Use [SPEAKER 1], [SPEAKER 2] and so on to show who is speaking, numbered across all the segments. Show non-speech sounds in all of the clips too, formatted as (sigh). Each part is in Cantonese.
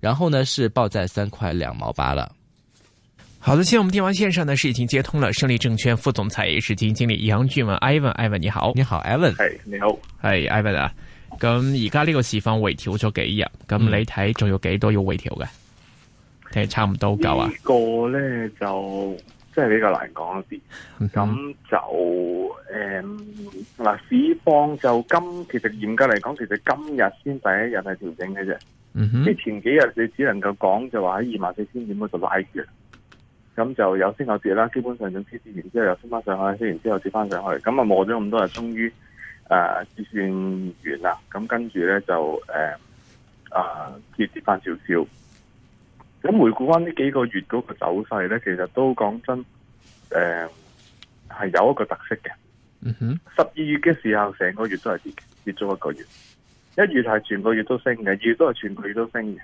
[SPEAKER 1] 然後呢，是報在三塊兩毛八了。好的，現在我們
[SPEAKER 2] 電話線上呢是已經接通了，勝利證券副總裁也是基金經理楊俊文，Ivan，Ivan Ivan，你好，你好，Ivan，係你好，係、hey, hey, Ivan、嗯、啊。咁而家呢個市況，回調咗幾日，咁你睇仲有幾多要回調嘅？誒，差唔多夠啊。呢
[SPEAKER 3] 個咧就。即係比較難講啲，咁 Okay. 就誒，嗱市況就今其實嚴格嚟講，其實今日先第一日係調整嘅啫，即係、mm hmm. 前幾日你只能夠講就話喺二萬四千點嗰度拉住，咁就有升有跌啦，基本上咁跌完之後又升翻上去，升完之後跌翻上去，咁啊磨咗咁多日，終於誒結算完啦，咁跟住咧就誒、呃、啊跌跌翻少少。咁回顧翻呢幾個月嗰個走勢咧，其實都講真，誒、呃、係有一個特色嘅。嗯
[SPEAKER 1] 哼，
[SPEAKER 3] 十二月嘅時候成個月都係跌，跌咗一個月。一月係全個月都升嘅，二月都係全個月都升嘅。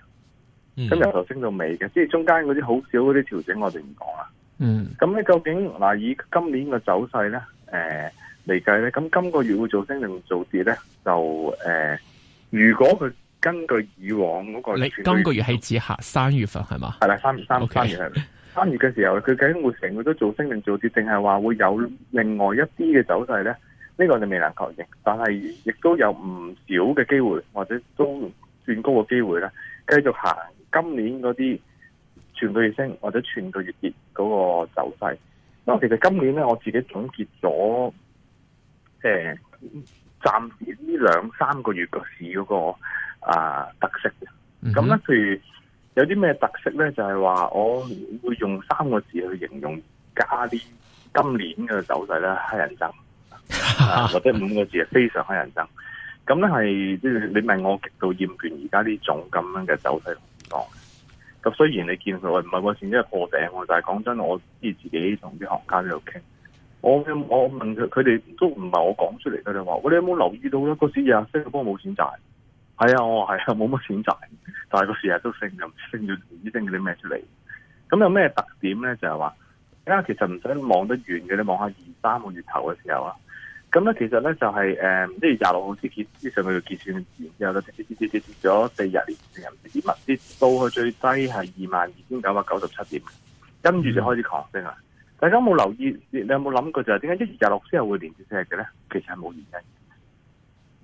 [SPEAKER 3] 嗯。咁由頭升到尾嘅，即係中間嗰啲好少嗰啲調整我，我哋唔講啦。嗯。咁咧，究竟嗱、呃、以今年嘅走勢咧，誒嚟計咧，咁今個月會做升定做跌咧？就誒、呃，如果佢。根據以往嗰個，個，你今個
[SPEAKER 2] 月係指下三月份係嘛？係啦，
[SPEAKER 3] 三 Okay. 月、三月、三月係。三月嘅時候，佢究竟會成個都做升定做跌？定係話會有另外一啲嘅走勢咧？呢、這個我哋未能確認，但係亦都有唔少嘅機會，或者都算高嘅機會啦。繼續行今年嗰啲全個月升或者全個月跌嗰個走勢。因其實今年咧，我自己總結咗，誒、呃，暫時呢兩三個月嘅市嗰、那個。啊特色嘅，咁咧、嗯、哼譬如有啲咩特色咧？就係、是、話我會用三個字去形容，加啲今年嘅走勢咧，乞人憎，或者五個字係非常乞人憎。咁咧係，就是、你問我極度厭倦而家呢種咁樣嘅走勢同咁雖然你見佢唔係冇錢，因為、啊、破頂，但係講真，我知自己同啲行家喺度傾，我我問佢，佢哋都唔係我講出嚟佢佢話喂，你有冇留意到咧？嗰時阿星哥冇錢賺。係啊，我、哦、係啊，冇乜選擇，但係個時日都升，又升住唔知升咗啲咩出嚟？咁有咩特點咧？就係話，啊，其實唔使望得遠嘅，你望下二三個月頭嘅時候啊，咁咧其實咧就係誒一月廿六號之前呢，上個月結算，然之後咧，跌跌跌跌跌跌咗四日連跌，跌物跌到去最低係二萬二千九百九十七點，跟住就開始狂升啊！嗯、大家有冇留意，你有冇諗過就係點解一月廿六之後會連跌四日嘅咧？其實係冇原因。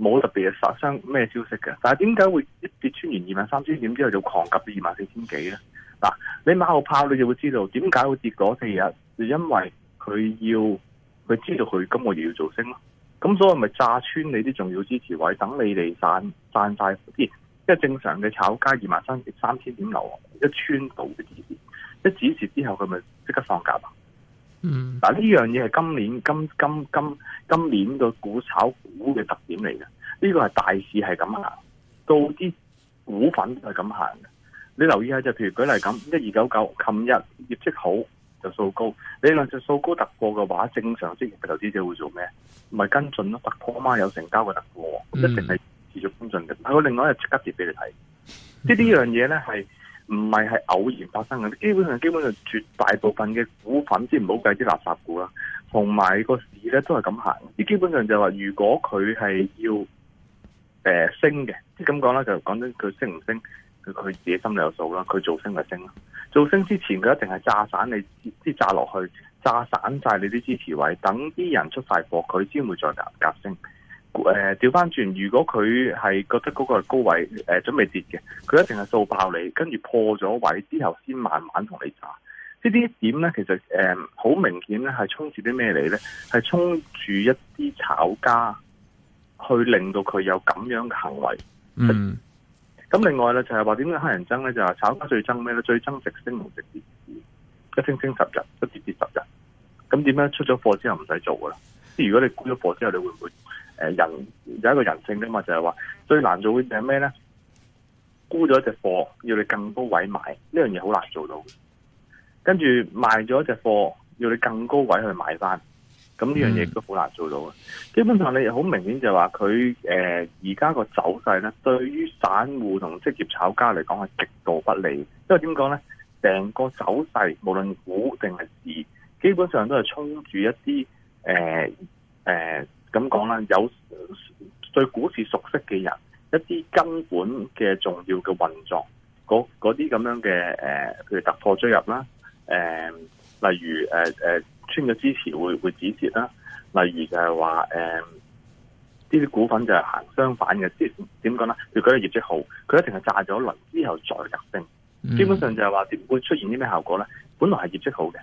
[SPEAKER 3] 冇特別嘢發生，咩消息嘅，但係點解會一跌穿完二萬三千點之後就狂急到二萬四千幾咧？嗱，你馬後炮你就會知道點解會跌嗰四日，啊，就因為佢要佢知道佢今個月要做升咯，咁所以咪炸穿你啲重要支持位，等你哋散散曬啲，即、就、係、是、正常嘅炒家二萬三千三千點流一穿到嘅指示，一指示之後佢咪即刻放假。嗯，嗱，呢樣嘢係今年今今今今年個股炒股嘅特點嚟嘅，呢個係大市係咁行，到啲股份係咁行嘅。你留意下就，譬如舉例咁，一二九九，琴日業績好就掃高，你兩隻掃高突破嘅話，正常職業嘅投資者會做咩？唔係跟進咯，突破嘛，有成交嘅突破，一定係持續跟進嘅。我另外又即刻跌俾你睇，即係呢樣嘢咧係。唔係係偶然發生嘅，基本上基本上絕大部分嘅股份，先唔好計啲垃圾股啦，同埋個市咧都係咁行。即基本上就話，如果佢係要誒、呃、升嘅，即係咁講啦，就講緊佢升唔升，佢佢自己心裏有數啦。佢做升就升，做升之前佢一定係炸散你啲，炸落去，炸散晒你啲支持位，等啲人出晒貨，佢先會再夾升。誒，調翻轉，如果佢係覺得嗰個係高位，誒、呃，準備跌嘅，佢一定係掃爆你，跟住破咗位之後，先慢慢同你揸。呢啲點咧，其實誒，好、呃、明顯咧，係衝住啲咩嚟咧？係衝住一啲炒家，去令到佢有咁樣嘅行為。
[SPEAKER 2] 嗯。
[SPEAKER 3] 咁另外咧，就係話點解黑人憎咧？就係、是、炒家最憎咩咧？最憎直升冇直跌，一升升十日，一跌跌十日。咁點樣出咗貨之後唔使做噶啦？即係如果你沽咗貨之後，你會唔會？誒，人有一個人性噶嘛，就係話最難做嘅係咩咧？沽咗一隻貨，要你更高位買，呢樣嘢好難做到嘅。跟住賣咗一隻貨，要你更高位去買翻，咁呢樣嘢都好難做到嘅。嗯。基本上你好明顯就係話，佢誒而家個走勢咧，對於散戶同職業炒家嚟講係極度不利。因為點講咧？成個走勢無論股定係市，基本上都係衝住一啲誒誒。呃呃咁講啦，有對股市熟悉嘅人，一啲根本嘅重要嘅運作，嗰啲咁樣嘅誒、呃，譬如突破追入啦，誒、呃，例如誒穿嘅支持會會止跌啦，例如就係話呢啲股份就係行相反嘅，即點講咧？如果佢業績好，佢一定係炸咗輪之後再急升
[SPEAKER 1] ，mm. 基本上
[SPEAKER 3] 就係話會出現啲咩效果咧？本來係業績好嘅。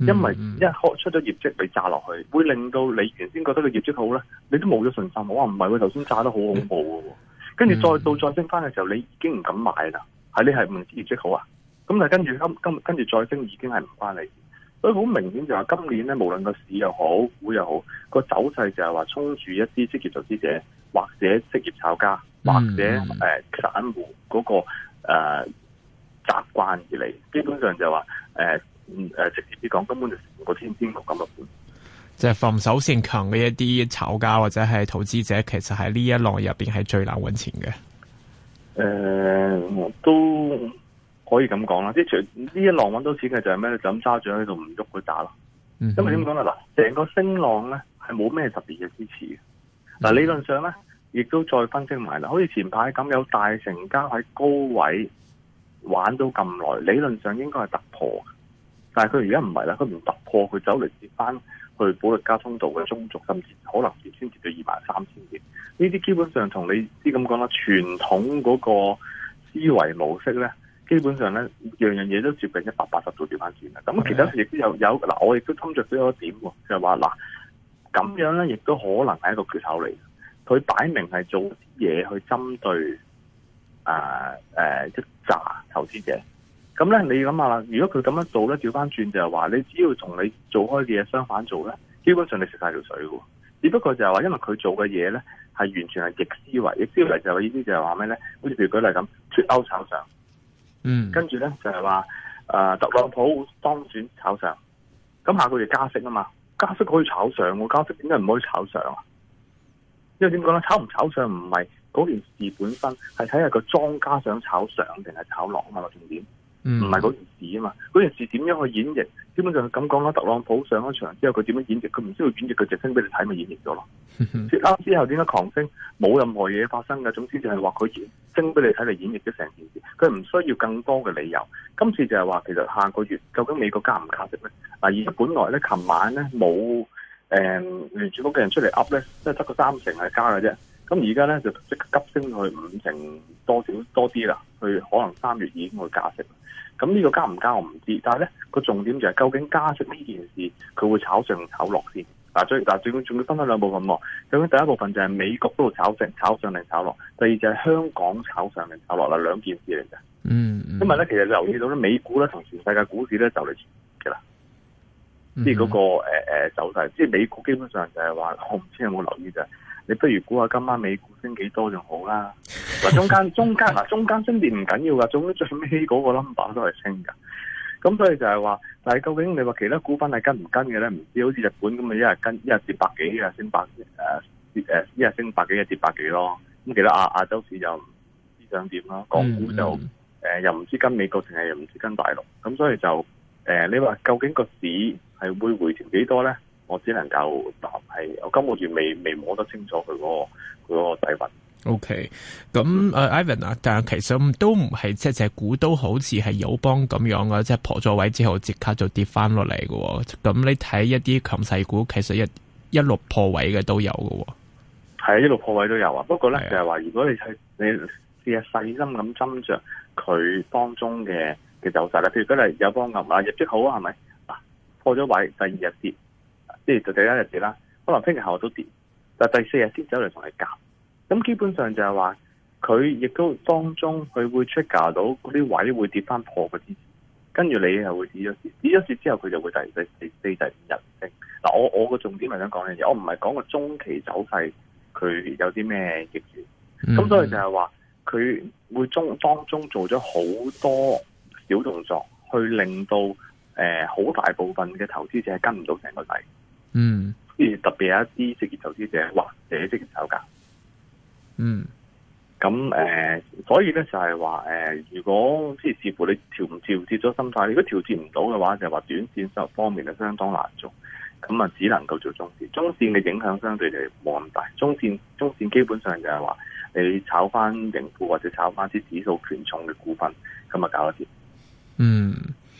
[SPEAKER 3] 因為一開出咗業績，被炸落去，會令到你原先覺得個業績好咧，你都冇咗信心。我話唔係佢頭先炸得好恐怖喎，跟住再到再升翻嘅時候，你已經唔敢買啦。係你係唔知業績好啊？咁但係跟住今今跟住再升已經係唔關你事。所以好明顯就係今年咧，無論個市又好，股又好，個走勢就係話衝住一啲職業投資者，或者職業炒家，或者誒散戶嗰個誒習慣而嚟。基本上就話誒。呃嗯，誒，直接啲講，根本就，天天就成個天邊局咁
[SPEAKER 2] 嘅盤。即係防守性強嘅一啲炒家或者係投資者，其實喺呢一浪入邊係最難搵錢嘅。誒、
[SPEAKER 3] 呃，都可以咁講啦，即係除呢一浪搵到錢嘅就係咩咧？就咁揸住喺度唔喐佢打咯。嗯、哼因為點講咧？嗱，成個升浪咧係冇咩特別嘅支持嘅。嗱，理論上咧亦都再分析埋啦，好似前排咁有大成交喺高位玩到咁耐，理論上應該係突破。但係佢而家唔係啦，佢唔突破，佢走嚟跌翻，去保利加通道嘅中軸，甚至可能跌先跌到二萬三千點，呢啲基本上同你啲咁講啦，傳統嗰個思維模式咧，基本上咧樣樣嘢，都接近一百八十度調翻轉啦。咁其實亦都有 Okay. 有，嗱，我亦都觀察咗一點喎，就係話，嗱，咁樣咧亦都可能係一個缺口嚟，佢擺明係做啲嘢去針對呃誒、呃、即係詐投資者。咁咧，你諗下啦，如果佢咁樣做咧，調翻轉就係、是、話，你只要同你做開嘅嘢相反做咧，基本上你食晒條水喎。只不過就係話，因為佢做嘅嘢咧，係完全係逆思維。逆思維就係意思就係話咩咧？好似譬如舉例咁，脫歐炒上，
[SPEAKER 1] 嗯，
[SPEAKER 3] 跟住咧就係話、呃，特朗普當選炒上，咁下個月加息啊嘛，加息可以炒上、啊、加息點解唔可以炒上啊？因為點講咧，炒唔炒上唔係嗰件事本身，係睇下個莊家想炒上定係炒落啊嘛，重點。唔係嗰件事啊嘛，嗰件事點樣去演繹？基本上係咁講啦，特朗普上咗場之後，佢點樣演繹？佢唔需要演繹，佢直升俾你睇咪演繹咗咯。即啱 (laughs) 之後點解狂升？冇任何嘢發生嘅，總之就係話佢升俾你睇嚟演繹咗成件事。佢唔需要更多嘅理由。今次就係話，其實下個月究竟美國加唔加息咧？嗱，而家本來咧，琴晚咧冇誒聯儲局嘅人出嚟 up 咧，即係得個三成係加嘅啫。咁而家咧就即刻急升去五成多少多啲啦，佢可能三月已經去加息。咁呢個加唔加我唔知，但係咧，個重點就係、是、究竟加息呢件事佢會炒上炒落先。嗱、啊、最嗱、啊、最緊仲要分開兩部分喎。咁第一部分就係美國嗰度炒成炒上定炒落，第二就係香港炒上定炒落啦。兩件事嚟嘅。嗯、mm。Hmm. 因為咧，其實你留意到咧，美股咧同全世界股市咧就嚟嘅啦，即係嗰、那個走勢，即係美國基本上就係話，我唔知有冇留意。你不如估下今晚美股升幾多就好啦？嗱，中間中間嗱，中間升跌唔緊要㗎，總之最尾嗰個 number 都係升㗎。咁所以就係話，但係，究竟你話其他股份係跟唔跟嘅咧？唔知好似日本咁啊，一日跟一日跌百幾，一日升百誒誒，一日升百幾，一日跌百幾咯。咁其他亞亞洲市又唔知想點啦，港股就誒、呃、又唔知跟美國定係又唔知跟大陸。咁所以就誒、呃，你話究竟個市係會回調幾多咧？我只能夠答係，我今個月未未摸得清楚佢嗰個佢嗰個
[SPEAKER 2] 底蘊。O K，咁誒，Ivan 啊，但其實都唔係即係隻股都好似係友邦咁樣嘅，即係破咗位之後即刻就跌翻落嚟嘅。咁你睇一啲強勢股，其實一一路破位嘅都有嘅。
[SPEAKER 3] 係、啊、一路破位都有啊，不過咧、啊、就係話，如果你係你試下細心咁斟酌佢當中嘅嘅走勢咧，譬如果你友邦銀行入職好啊，係咪？嗱破咗位，第二日跌。即係第一日跌啦，可能聽日後都跌，但係第四日先走嚟同你夾。咁基本上就係話，佢亦都當中佢會出價到嗰啲位會跌翻破嗰啲，跟住你又會止咗跌，止咗跌之後佢就會第四第四第五日升。嗱，我我個重點係想講嘅嘢，我唔係講個中期走勢佢有啲咩逆轉，咁所以就係話佢會中當中做咗好多小動作，去令到誒好、呃、大部分嘅投資者係跟唔到成個底。嗯，即係特別係一啲職業投資者或者職業炒價，嗯，咁誒，所以咧就係話誒，如果即係視乎你調唔調節咗心態，如果調節唔到嘅話，就係話短綫收入方面係相當難做，咁啊只能夠做中綫，中綫嘅影響相對就冇咁大，中綫中綫基本上就係話你炒翻盈股或者炒翻啲指數權重嘅股份，咁啊搞一啲，嗯，嗯。嗯嗯嗯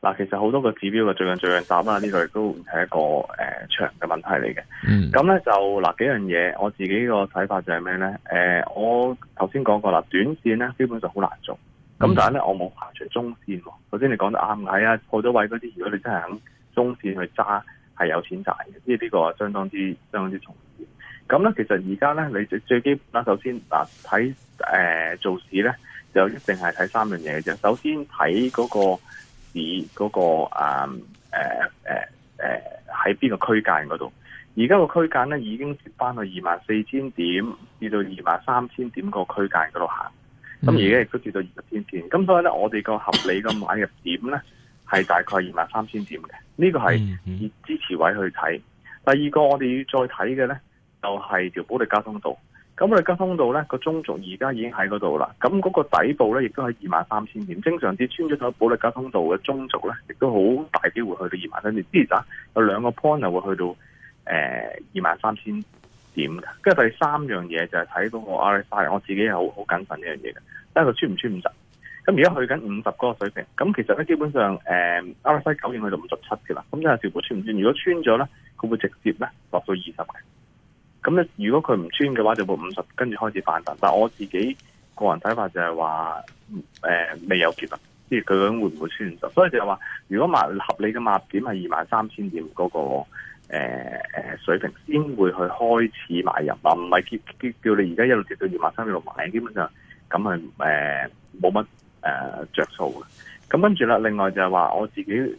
[SPEAKER 3] 嗱，其實好多個指標啊，最近最近答啦，呢個亦都唔係一個誒、呃、長嘅問題嚟嘅。咁咧、mm. 就嗱幾樣嘢，我自己個睇法就係咩咧？誒、呃，我頭先講過啦，短線咧基本上好難做。咁但係咧，mm. 我冇排除中線喎。首先你講得啱啊、破咗、啊、位嗰啲，如果你真係喺中線去揸，係有錢賺嘅。即係呢個相當之相當之重視。咁咧，其實而家咧，你最最基本啦，首先嗱睇誒做市咧，就一定係睇三樣嘢嘅啫。首先睇嗰、那個。市嗰、那個啊，誒誒誒，喺、呃、邊、呃呃、個區間嗰度？而家個區間咧已經跌翻去二萬四千點，至到二萬三千點個區間嗰度行。咁而家亦都跌到二萬一千點。咁所以咧，我哋個合理嘅買入點咧，係大概二萬三千點嘅。呢、這個係以支持位去睇。第二個我哋要再睇嘅咧，就係、是、條保利加通道。咁我哋加通道咧、那個中軸而家已經喺嗰度啦，咁、那、嗰個底部咧亦都喺二萬三千點。正常啲穿咗套保力加通道嘅中軸咧，亦都好大機會去到二萬三千點。之前啊，有兩個 point 又會去到誒二萬三千點嘅。跟住第三樣嘢就係睇嗰個阿拉西，我自己係好好謹慎呢樣嘢嘅。睇下佢穿唔穿五十？咁而家去緊五十個個水平。咁其實咧基本上誒阿拉西九點去到五十七嘅啦。咁即係照部穿唔穿？如果穿咗咧，佢會直接咧落到二十嘅。咁咧，如果佢唔穿嘅話，就會五十，跟住開始反彈。但係我自己個人睇法就係話，誒、呃、未有結論，即係佢會唔會穿十。所以就係話，如果壓合理嘅碼點係二萬三千點嗰、那個誒誒、呃、水平，先會去開始買入啊，唔係叫叫你而家一路跌到二萬三千六買，基本上咁係誒冇乜誒着數嘅。咁跟住啦，另外就係話我自己誒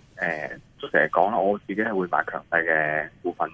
[SPEAKER 3] 都成日講啦，我自己係、呃、會買強勢嘅股份。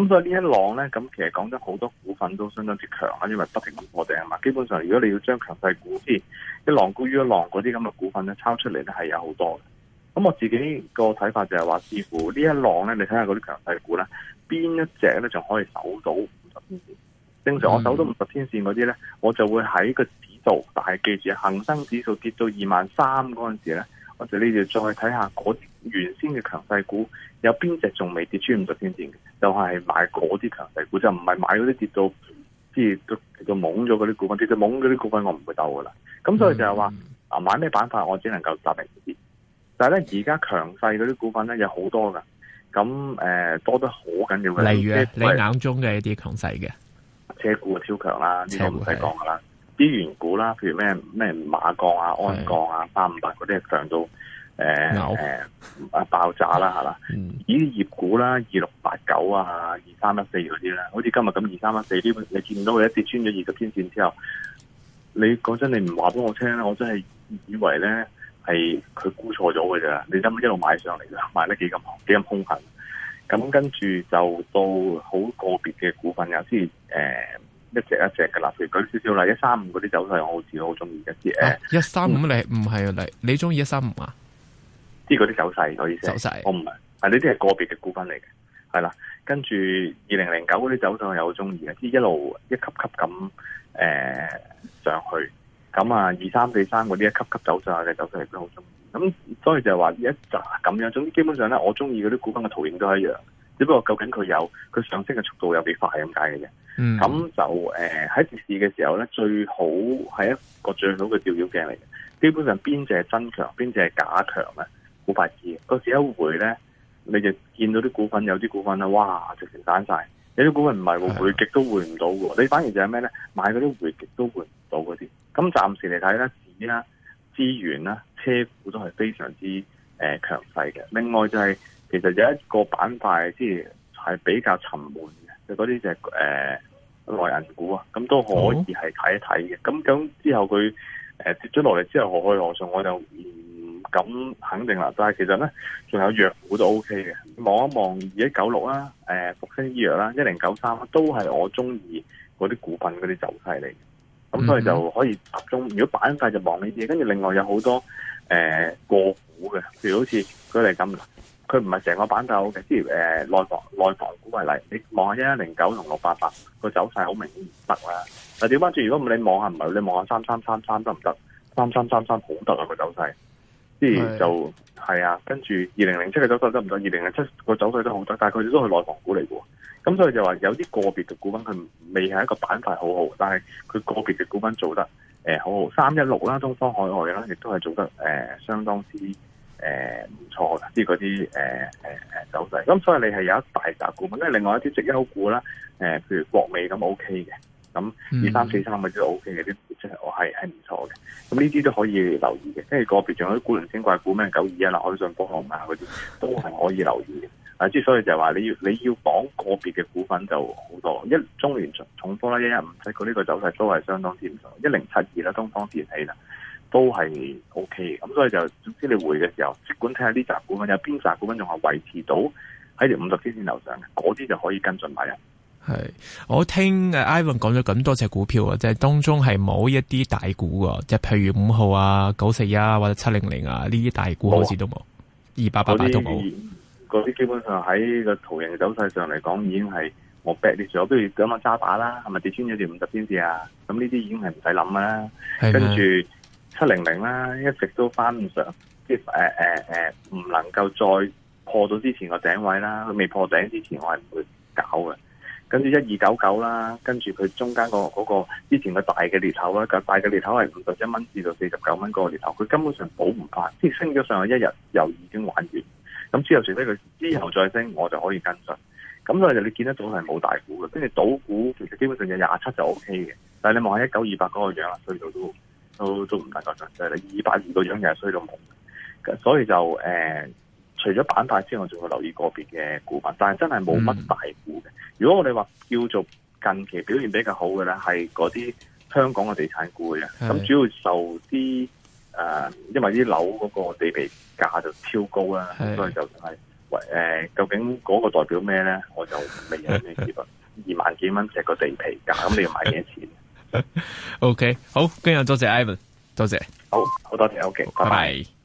[SPEAKER 3] 咁所以呢一浪呢，咁其實講咗好多股份都相當之強啊，因為不停咁破頂啊嘛。基本上如果你要將強勢股，即係一浪高於一浪嗰啲咁嘅股份呢，抄出嚟咧係有好多嘅。咁我自己個睇法就係話，似乎呢一浪呢，你睇下嗰啲強勢股呢，邊一隻呢仲可以守到五十天線？嗯、正常我守到五十天線嗰啲呢，我就會喺個指數，但係記住，恒生指數跌到二萬三嗰陣時咧。或者呢，你哋再睇下嗰啲原先嘅強勢股，有邊隻仲未跌穿五十天線嘅？就係、是、買嗰啲強勢股，就唔係買嗰啲跌到即係就懵咗嗰啲股份，跌到懵嗰啲股份我唔會鬥噶啦。咁所以就係話，啊、嗯、買咩板塊我只能夠答明啲。但係咧而家強勢嗰啲股份咧有好多噶，咁誒多得好緊要嘅。例如啊，你
[SPEAKER 2] 眼中嘅一啲強勢嘅
[SPEAKER 3] 車股啊，超強啦，呢啲唔使講噶啦。資源股啦，譬如咩咩馬鋼啊、鞍鋼啊、三是的 五八嗰啲上到誒誒啊爆炸啦，係啦。啲、嗯、業股啦，二六八九啊，二三一四嗰啲啦，好似今日咁二三一四呢，14，你見到佢一跌穿咗二十天線之後，你講真，你唔話俾我聽咧，我真係以為咧係佢估錯咗嘅咋。你咁一路買上嚟咋，買得幾咁狂，幾咁兇狠。咁跟住就到好個別嘅股份有啲誒。一隻一隻嘅啦，譬如舉少少例，一三五嗰啲走勢我好似好中意一啲誒，
[SPEAKER 2] 一三五你唔係啊，一三五，嗯、你你中意一三五啊？
[SPEAKER 3] 知嗰啲走勢，我意思。走勢。我唔係啊，呢啲係個別嘅股份嚟嘅，係啦。跟住二零零九嗰啲走勢又好中意嘅，即係一路一級一級咁誒、呃、上去。咁啊，二三四三嗰啲一級一級走上去嘅走勢亦都好中意。咁所以就係話一扎咁樣，總之基本上咧，我中意嗰啲股份嘅圖形都係一樣，只不過究竟佢有佢上升嘅速度有幾快咁解嘅啫。咁、嗯、就誒喺跌市嘅時候咧，最好係一個最好嘅照妖鏡嚟嘅。基本上邊隻係真強，邊隻係假強咧，冇法知嘅。有時一回咧，你就見到啲股份，有啲股份咧，哇，直情散晒；有啲股份唔係喎，回極都回唔到嘅。你反而就係咩咧？買嗰啲回極都回唔到嗰啲。咁暫時嚟睇咧，市啦、資源啦、車股都係非常之誒、呃、強勢嘅。另外就係、是、其實有一個板塊，即係係比較沉悶。嗰啲就係誒內銀股啊，咁都可以係睇一睇嘅。咁咁、哦、之後佢誒跌咗落嚟之後何去何從，我就唔敢肯定啦。但係其實咧，仲有藥股都 OK 嘅。望一望二一九六啦，誒復星醫藥啦，一零九三啦，都係我中意嗰啲股份嗰啲走勢嚟。咁所以就可以集中。嗯、哼如果板塊就望呢啲嘢，跟住另外有好多誒、呃、個股嘅，譬如好似佢哋咁。佢唔係成個板走嘅，即係誒，內房內房股為例，你望下一一零九同六八八個走勢好明顯唔得啦。但調翻轉，如果你望下唔係，你望下三三三三得唔得？三三三三好得啊，個走勢，即係就係、是、啊。是的跟住二零零七嘅走勢得唔得？二零零七個走勢都好得，但係佢都係內房股嚟嘅。咁所以就話有啲個別嘅股份佢未係一個板塊好好，但係佢個別嘅股份做得誒、呃、好好。三一六啦，東方海外啦，亦都係做得誒、呃、相當之。誒，唔、呃、錯嘅呢個啲誒誒誒走勢，咁所以你係有一大紮股份，跟另外一啲直優股啦，誒、呃，譬如國美咁 OK 嘅，咁二三四三嘅啲 OK 嘅啲即係係我係係唔錯嘅，咁呢啲都可以留意嘅，即係個別仲有啲古靈精怪股咩九二一嗱海上科航啊嗰啲，都係可以留意嘅。嗱，所以就係話你要你要講個別嘅股份就好多，一中聯重重科啦，一一五七，睇佢呢個走勢都係相當之唔錯，一零七二啦，東方電器啦。都係 O K 咁所以就，總之你回嘅時候，即管睇下呢集股份有邊集股份仲係維持到喺條五十天線樓上嗰啲就可以跟進買入。
[SPEAKER 2] 係，我聽 Ivan 講咗咁多隻股票啊，即係當中係冇一啲大股嘅，即係譬如五號啊、九四一啊或者七零零啊呢啲大股好似都冇，
[SPEAKER 3] 二八八八都冇。嗰啲基本上喺個圖形走勢上嚟講，已經係我 b a c 啲嘢，我不如咁樣揸把啦，係咪跌穿咗條五十天線啊？咁呢啲已經係唔使諗啦，
[SPEAKER 1] 跟住
[SPEAKER 3] 嗎。七零零啦，一直都翻唔上，即係誒誒誒，唔能夠再破到之前個頂位啦。佢未破頂之前，我係唔會搞嘅。跟住一二九九啦，跟住佢中間、嗰個之前個大嘅裂口啦，大嘅裂口係五十一蚊至到四十九蚊嗰個裂口，佢根本上補唔翻，即係升咗上去一日又已經玩完。咁之後除非佢之後再升，我就可以跟進。咁所以你見得到係冇大股嘅，跟住賭股其實基本上有廿七就 OK 嘅。但係你望下一九二八嗰個樣啊，衰到都～都都唔大夠，純粹你二百二個樣又係衰到冇，所以就誒、呃，除咗板塊之外，仲會留意個別嘅股份，但係真係冇乜大股嘅。嗯、如果我哋話叫做近期表現比較好嘅咧，係嗰啲香港嘅地產股嘅，咁是的 主要受啲誒、呃，因為啲樓嗰個地皮價就超高啦，是的 所以就係、就、誒、是呃，究竟嗰個代表咩咧？我就未有咩結論。二萬幾蚊一個地皮價，咁你要買幾多錢？ (laughs)
[SPEAKER 2] O.K. 好，今日多謝 Ivan，多謝，好好多謝，O.K.，拜拜。